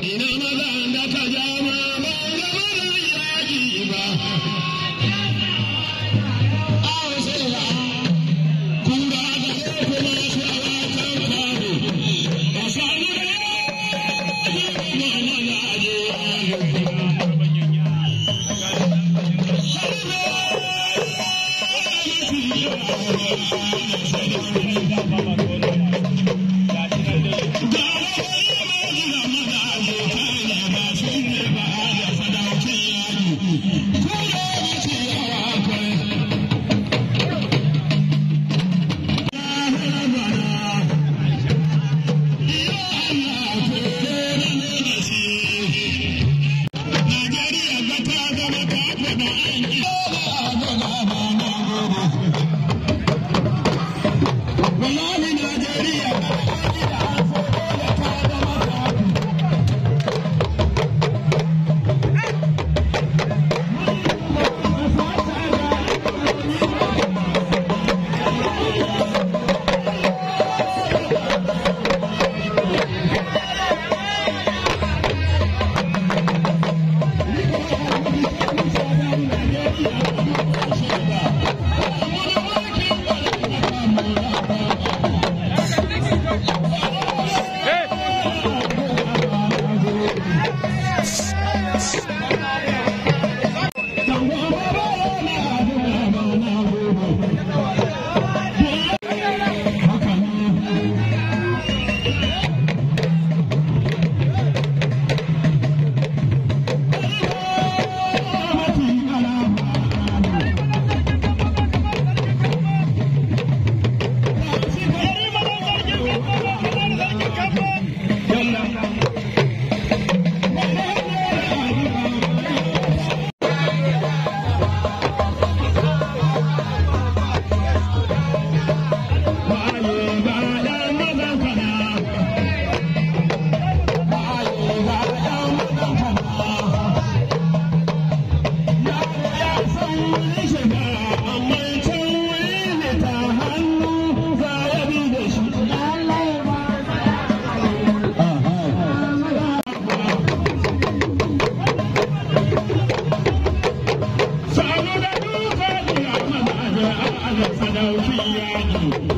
Dini na Sadauki Yagi.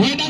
Huh?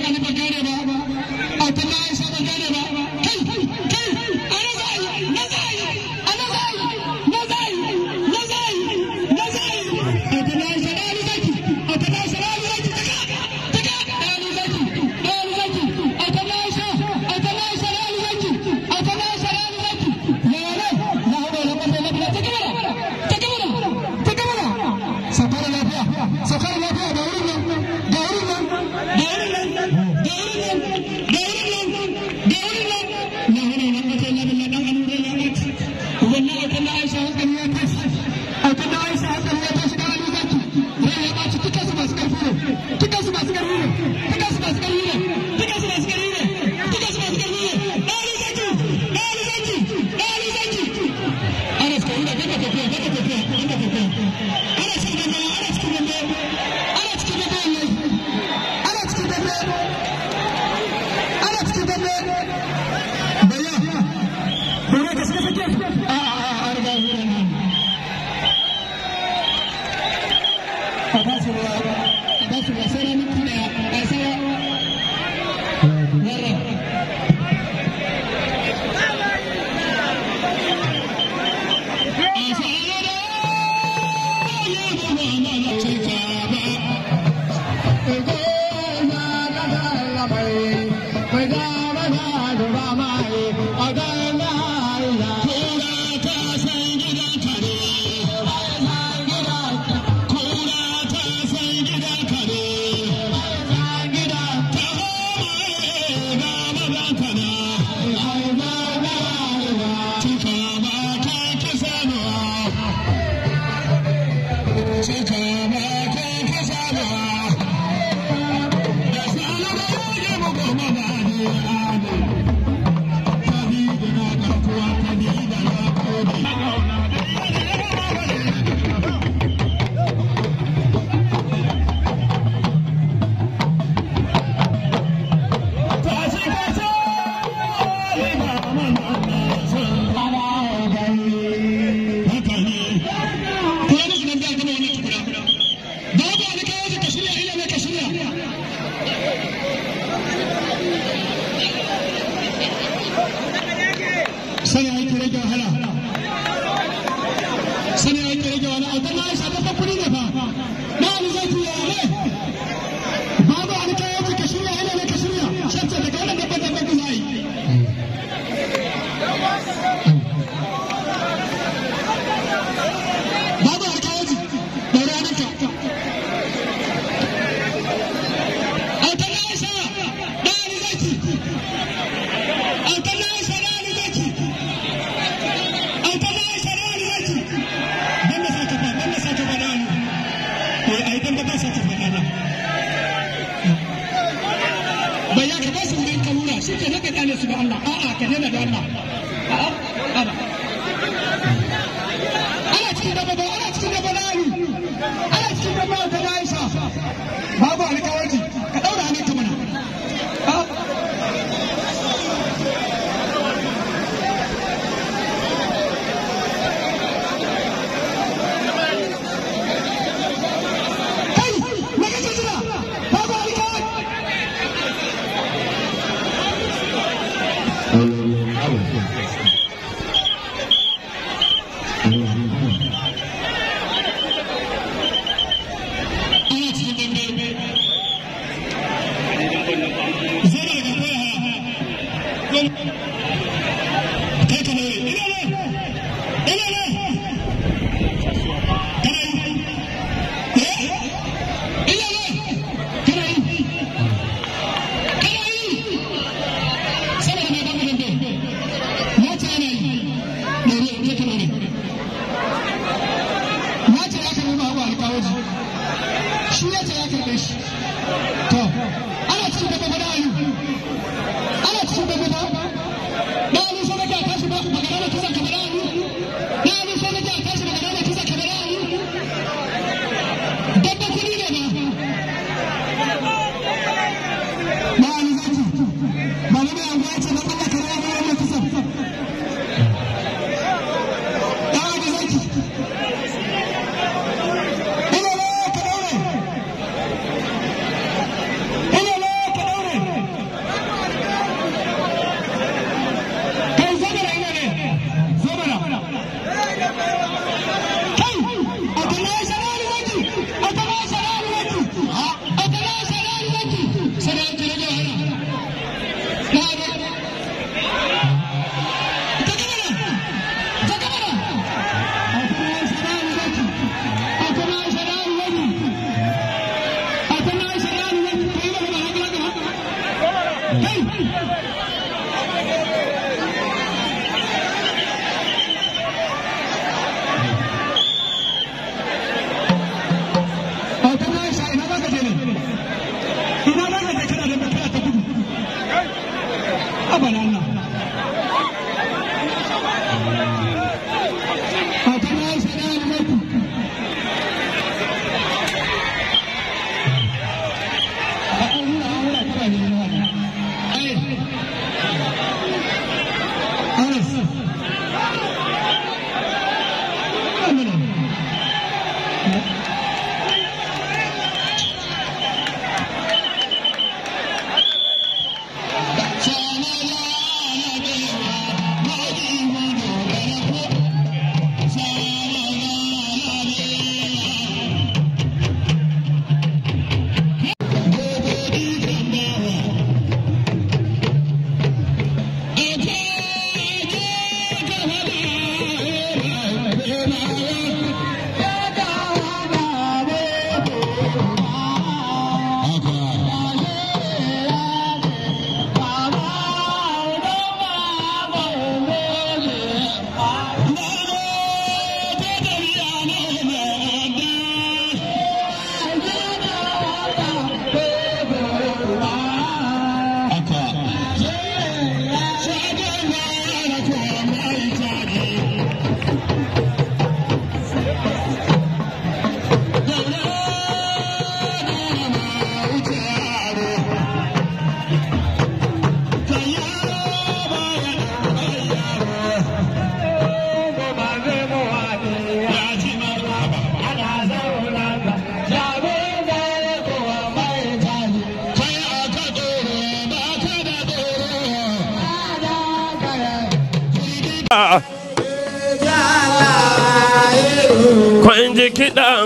Thank you.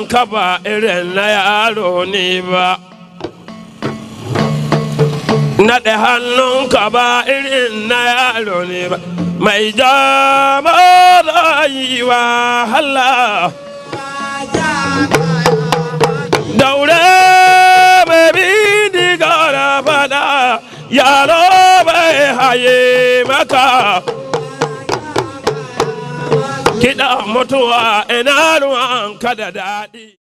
kaba irin na yaro ne ba naɗe hannun kaba irin na yaro ne ba mai jama yi wa hala daure mai bi diga fada yaro bai haye maka da mutuwa ina ruwan ka da daɗi